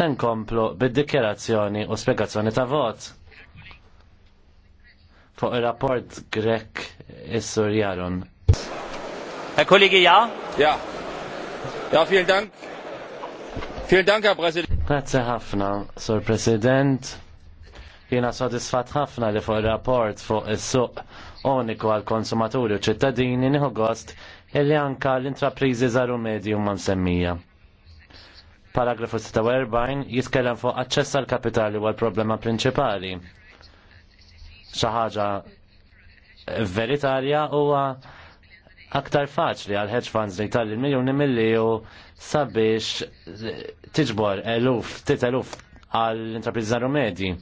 Tenkomplu bid-dikjerazzjoni u spiegazzjoni ta' vot. Fuq il-rapport grek is-sur Jaron. E kollegi ja? Ja. Ja, vielen Dank. Vielen Dank, Herr Präsident. Grazie ħafna, Sur President. Jiena sodisfat ħafna li fuq il-rapport fuq is-suq uniku għal konsumaturi u ċittadini nieħu gost illi anka l-intrapriżi żaru medium ma' msemmija Paragrafu 46 jitkellem fuq aċċess għal kapitali huwa l-problema prinċipali. Xi ħaġa veritarja huwa aktar faċli għal hedge funds li tal miljoni milli u sabiex tiġbor eluf, tit eluf għal intrapriża medji.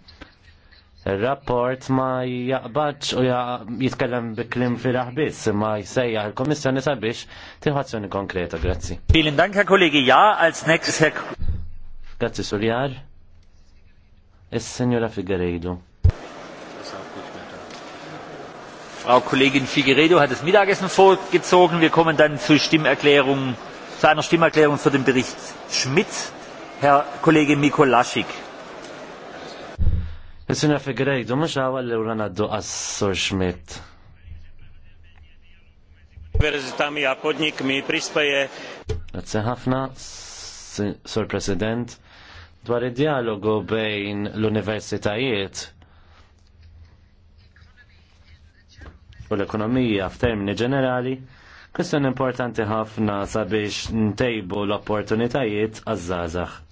Il-rapport ma jaqbadx u jitkellem bi klim firaħ biss ma jsejja l komissjoni sabiex tieħu konkreta, grazzi. Bilin danka kollegi, Kollege, ja, als nächstes sek. Grazzi Suljar. il senjora Figueredo. Frau Kollegin Figueiredo hat das Mittagessen vorgezogen. Wir kommen dann zu, Stimmerklärung, zu einer Stimmerklärung zu dem Bericht Schmidt. Herr Kollege Mikolaschik. Is-sina fi grejdu, mux għawal li urana du għassur xmit. mi għapodnik mi prispeje. Grazie ħafna, Sur President, dwar id-dialogu bejn l-universitajiet u l-ekonomija f'termini ġenerali, kwestjoni importanti ħafna sabiex ntejbu l-opportunitajiet għazzazax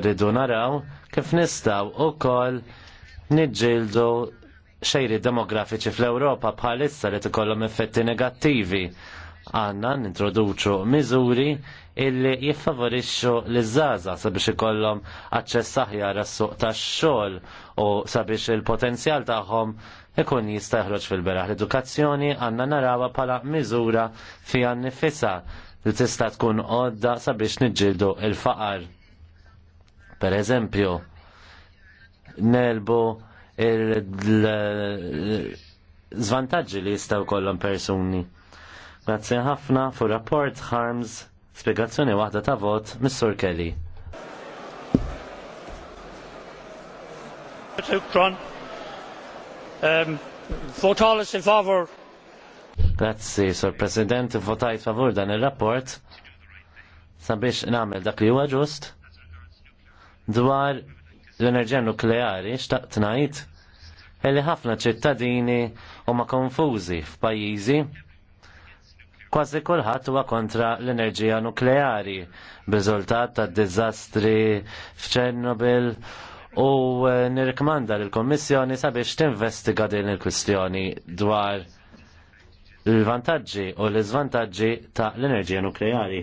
rridu naraw kif nistaw u kol nidġildu xejri demografiċi fl-Europa bħalissa li tkollhom effetti negattivi. Għanna nintroduċu miżuri illi jiffavorixxu l żaza sabiex ikollhom aċċess aħjar għas-suq tax-xogħol u sabiex il-potenzjal tagħhom ikun jista' jħroġ fil-beraħ. L-edukazzjoni għandna narawha bħala miżura fiha nnifisha li tista' tkun għodda sabiex niġġieldu il-faqar. Per eżempju, nelbu il-zvantagġi li jistaw kollom persuni. Grazie ħafna fu rapport Harms, spiegazzjoni waħda ta' vot, Mr. Kelly. Ehm, Grazie, in Grazzi, Sor President, votajt favur dan il-rapport sabiex namel dak li huwa ġust Dwar l-enerġija nukleari, xtaqt ngħid li ħafna ċittadini huma konfużi f'pajjiżi kważi kulħadd huwa kontra l-enerġija nukleari b'riżultat tad-diżastri f'Ċernobil u eh, nirrikmanda l kummissjoni sabiex tinvestiga din il-kwistjoni dwar l-vantaġġi u l-iżvantaġġi ta' l-enerġija nukleari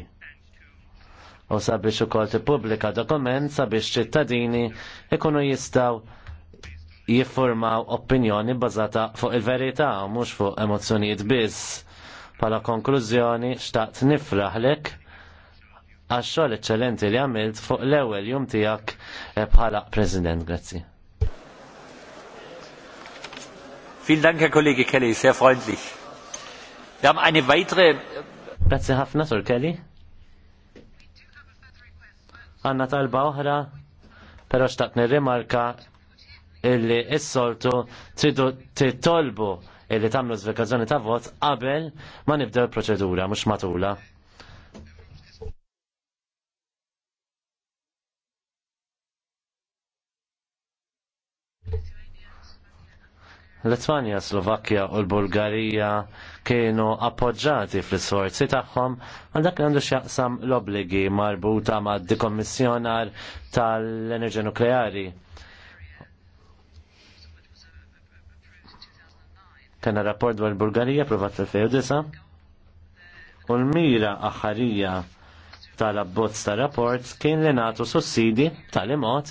u sabiex ukoll tippubblika dokument sabiex ċittadini ikunu jistgħu jiffurmaw opinjoni bbażata fuq il-verità u mhux fuq emozzjonijiet biss. Pala konklużjoni xtaqt nifraħlek għax-xogħol eċċellenti li għamilt fuq l-ewwel jum tiegħek eh, bħala President. Grazzi. Vielen Dank, Herr Kollege Kelly, sehr freundlich. Wir haben eine weitere. Grazie, Hafner, Kelly. Għanna talba oħra, pero xtaqt nirrimarka illi s-soltu tridu titolbu illi tamlu zvekazzjoni ta' vot qabel ma nibdew il-proċedura, mux matula. Litwanja, Slovakkja u l-Bulgarija kienu appoġġati fl-sforzi tagħhom għal dak għandu x'jaqsam l-obligi marbuta ma' dikommissjonar tal-enerġija nukleari. Kena rapport dwar l-Bulgarija provat fil-2009 u l-mira aħħarija tal-abbozz ta' rapport kien li nagħtu sussidi tal-imot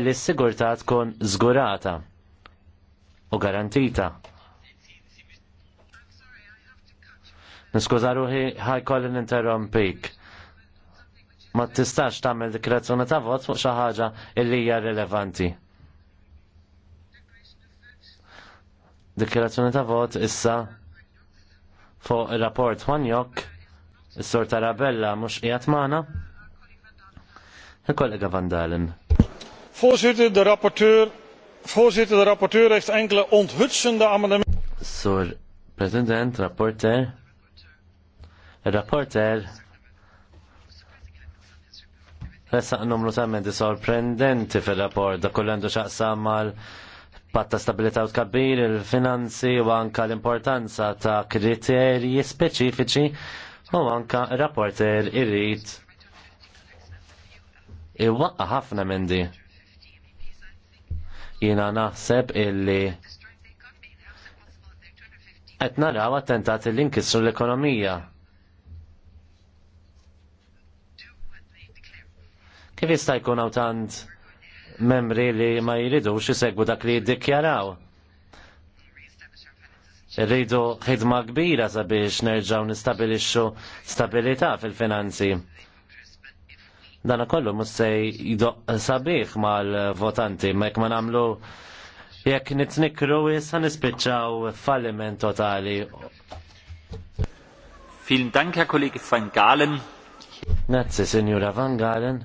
illi s-sigurtà tkun żgurata u garantita. Niskuża ruħi kollin ninterrompik. Ma tistax tagħmel dikrazzjoni ta' vot fuq xi ħaġa illi hija rilevanti. Dikrazzjoni ta' vot issa fuq ir-rapport Juanjok, is-Sur Tarabella mhux qiegħed magħna. Il-kollega Van Dalen. sirti, de rapporteur Voorzitter, de rapporteur heeft enkele onthutsende amendementen. Sur president, rapporteur. Rapporteur. Ressaq numru ta' sorprendenti fil-rapport da kullandu xaqsam mal patta stabilita u tkabbir il-finanzi u anka l-importanza ta' kriterji speċifiċi u anka rapporter irrit. Iwaqqa ħafna mendi. Jiena naħseb illi qed naraw attentat li nkissru l-ekonomija. Kif jista' jkun hawn tant membri li ma jridux isegwu dak li jiddikjaraw? Rridu ħidma kbira sabiex nerġaw nistabilixxu stabilità fil-finanzi. Dana kollu mus se jidoq sabiħ mal-votanti, ma jek ma namlu jekk nitnikru jissa nispiċċaw falliment totali. Vielen Dank, Herr Kollege Van Galen. Grazie, Signora Van Galen.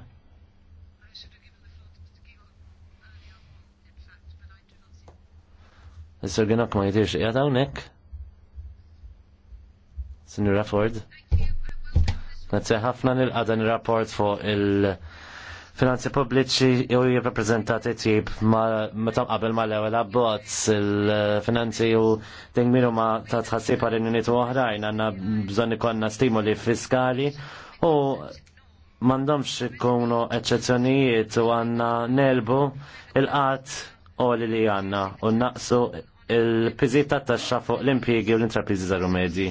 Is-sorginok ma jidirx qiegħed hawnhekk. Signora Ford. Thank you. Grazie ħafna nil-qadan il-rapport fuq il- finanzi pubbliċi u jirrappreżentati tip meta qabel ma l-ewwel abbozz il-finanzi u minu ma ta' tħassib għal unitu oħrajn għandna bżonn ikollna stimoli fiskali u m'għandhomx ikunu eċċezzjonijiet u għandna nelbu il qat u li li għandna u naqsu il pizita ta' taxxa fuq l-impjiegi u l-intrapriżi żaru medji.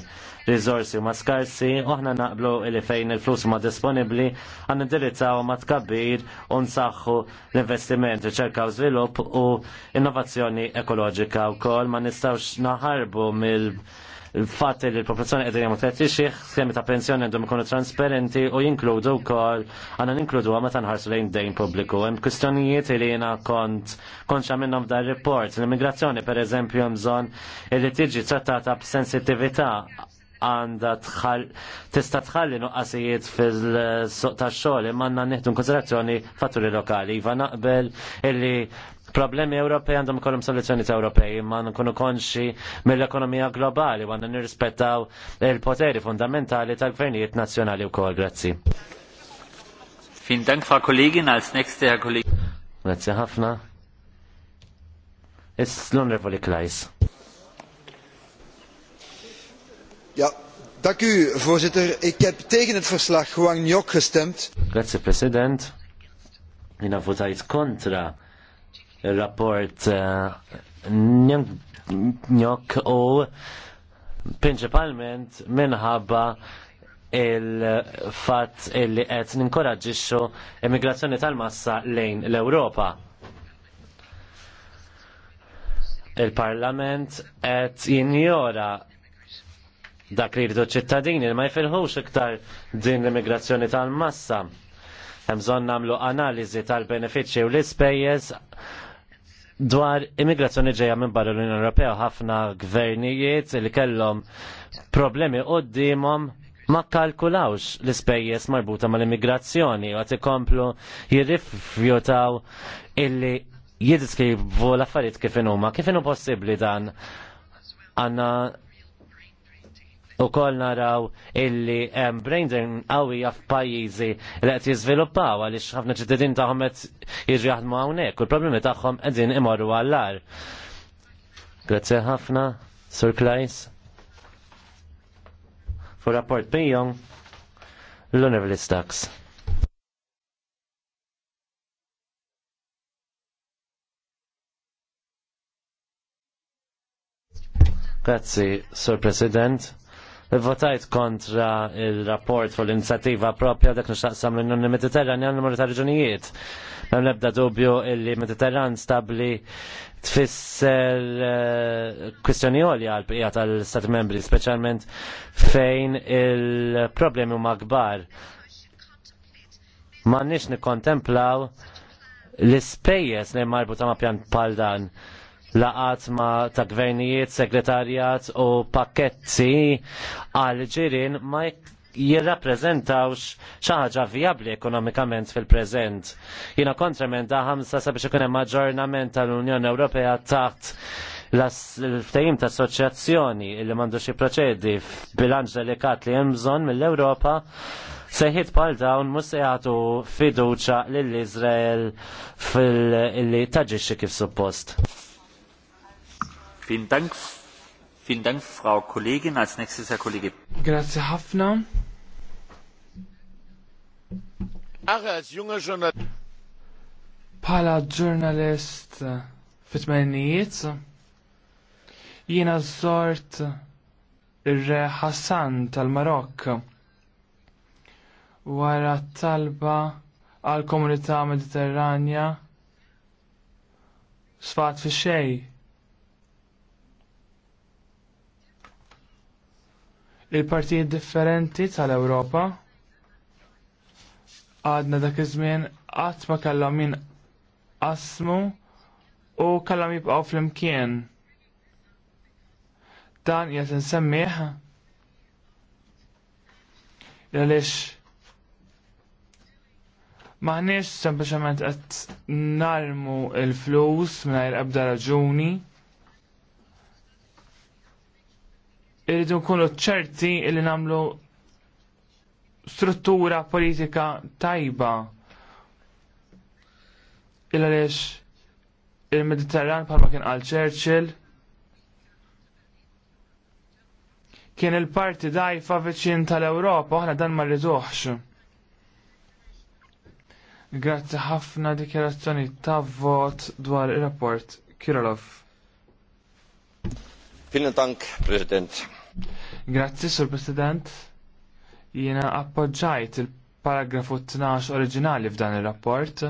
Rizorsi huma skarsi uħna aħna naqblu il fejn il-flus huma disponibbli għan indirizzaw ma' tkabbir u nsaħħu l-investiment, riċerka u żvilupp u innovazzjoni ekoloġika wkoll ma nistgħux naħarbu mill il-fat li l-popolazzjoni qed jagħmlu tliet ixieħ, skemi ta' pensjoni għandhom ikunu transparenti u jinkludu wkoll għandna ninkludu meta nħarsu lejn dejn pubbliku. Hemm kwistjonijiet li jiena kont konxa minnhom dar report. L-immigrazzjoni pereżempju hemm bżonn li tiġi trattata b'sensitività għanda tista tħalli nuqqasijiet fil-suq ta' xogħol manna għandna nieħdu konsiderazzjoni fatturi lokali. Iva naqbel illi problemi Ewropej għandhom ikollhom soluzzjoni ta' Ewropej, ma nkunu konxi mill-ekonomija globali għandna nirrispettaw il-poteri fundamentali tal-gvernijiet u wkoll. Grazzi. Fin Dank, fa' kollegi, nals next Herr Kollege. Grazie ħafna. Is l onrevoli Klajs. Ja, dank u, voorzitter. Ik heb tegen het verslag Huang Guangnok gestemd. Grazie, president. Jina votajt kontra il-rapport uh, eh, Njok o principalment minħabba il-fat illi qed ninkoraġġixxu immigrazzjoni tal-massa lejn l-Ewropa. Il-Parlament qed jinjora dak li jridu ċittadini ma jfilħux iktar din l-immigrazzjoni tal-massa. Hemm bżonn nagħmlu analiżi tal-benefiċċji u l-ispejjeż dwar immigrazzjoni ġejja minn barra l-Unjoni Ewropea ħafna gvernijiet li kellhom problemi qudiemhom ma kalkulawx l-ispejjeż marbuta mal-immigrazzjoni u għat ikomplu jirrifjutaw illi jidiskrivu l-affarijiet kif inhuma. Kif inhu possibbli dan għanna u koll naraw illi um, brain drain għawija f'pajjiżi li qed jiżviluppaw għaliex ħafna ċittadin tagħhom qed jiġu jaħdmu hawnhekk u l-problemi tagħhom qegħdin imorru għallar. Grazie Grazzi ħafna, Sir Klajs. Fu rapport bijom l-Univerli Staks. Grazzi, Sur President votajt kontra il-rapport fuq l-inizjattiva propja dak nixtaqsam minn Mediterran Mediterranja għal numru ta' reġunijiet. Mem nebda dubju illi Mediterran stabli tfisser eh, kwistjoni għolja għal bqija tal stat membri, specialment fejn il-problemi huma kbar. Ma nix nikontemplaw l-ispejjeż li marbuta ma' pjan pal dan laqat ma ta' gvernijiet, segretarjat u pakketti għal ġirin ma jirrappreżentawx xi ħaġa vijabbli ekonomikament fil-preżent. Jiena da' ħamsa sabiex ikun hemm aġġornament tal-Unjoni Ewropea taħt l-ftajim ta' assoċjazzjoni li mandu xi proċedi f'bilanċ delikat li hemm bżonn mill-Ewropa seħit pal dawn mhux se jagħtu fiduċja lill-Iżrael fil-li taġixxi kif suppost. Vielen Dank, vielen Dank, Frau Kollegin. Als nächstes Herr Kollege. Grazie, Hafner. Ach, als junger Journalist. Pala ġurnalist eh, fit-tmennijiet, jiena zort ir-re Hassan tal-Marokk wara talba għal komunità mediterranja sfat fi xej il partijiet differenti tal-Ewropa għadna dak iż-żmien qatt ma kellhom min qasmu u kellhom jibqgħu flimkien. Dan qed insemmih għaliex maħniex sempliċement qed narmu l-flus mingħajr ebda raġuni. irridu nkunu ċerti li namlu struttura politika tajba il għaliex il-Mediterran bħalma kien għal Churchill kien il-parti dajfa viċin tal-Europa, aħna dan ma rridux. Grazzi ħafna dikjerazzjoni ta' vot dwar il-rapport Kirilov. President. Grazzi, Sur President. Jiena appoġġajt il-paragrafu 12 oriġinali f'dan ir-rapport.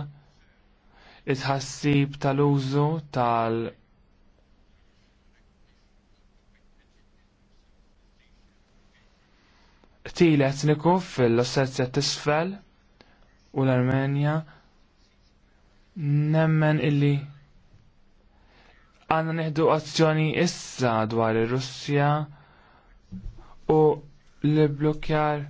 it tħassib tal-użu tal-, -użu etniku fil-Ossetja tisfel u l-Armenja nemmen illi għanna neħdu azzjoni issa dwar ir-Russja u li blokjar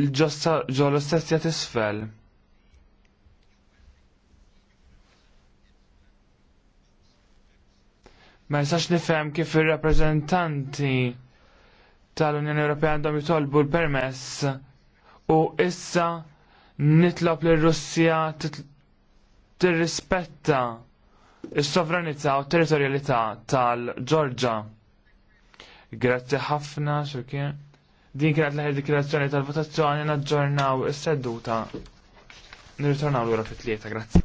l-ġossa ġol stess jgħat isfel. Ma jistax nifhem kif ir-rappreżentanti tal-Unjoni Ewropea għandhom jitolbu l-permess u issa nitlob l-Russja tirrispetta s sovranità u territorjalità tal-Ġorġa. Grazzi ħafna xurkien. Din kienet l-ħer dikirazzjoni tal-votazzjoni naġġornaw is-seduta. Nirritornaw l-ura fit-tlieta, grazzi.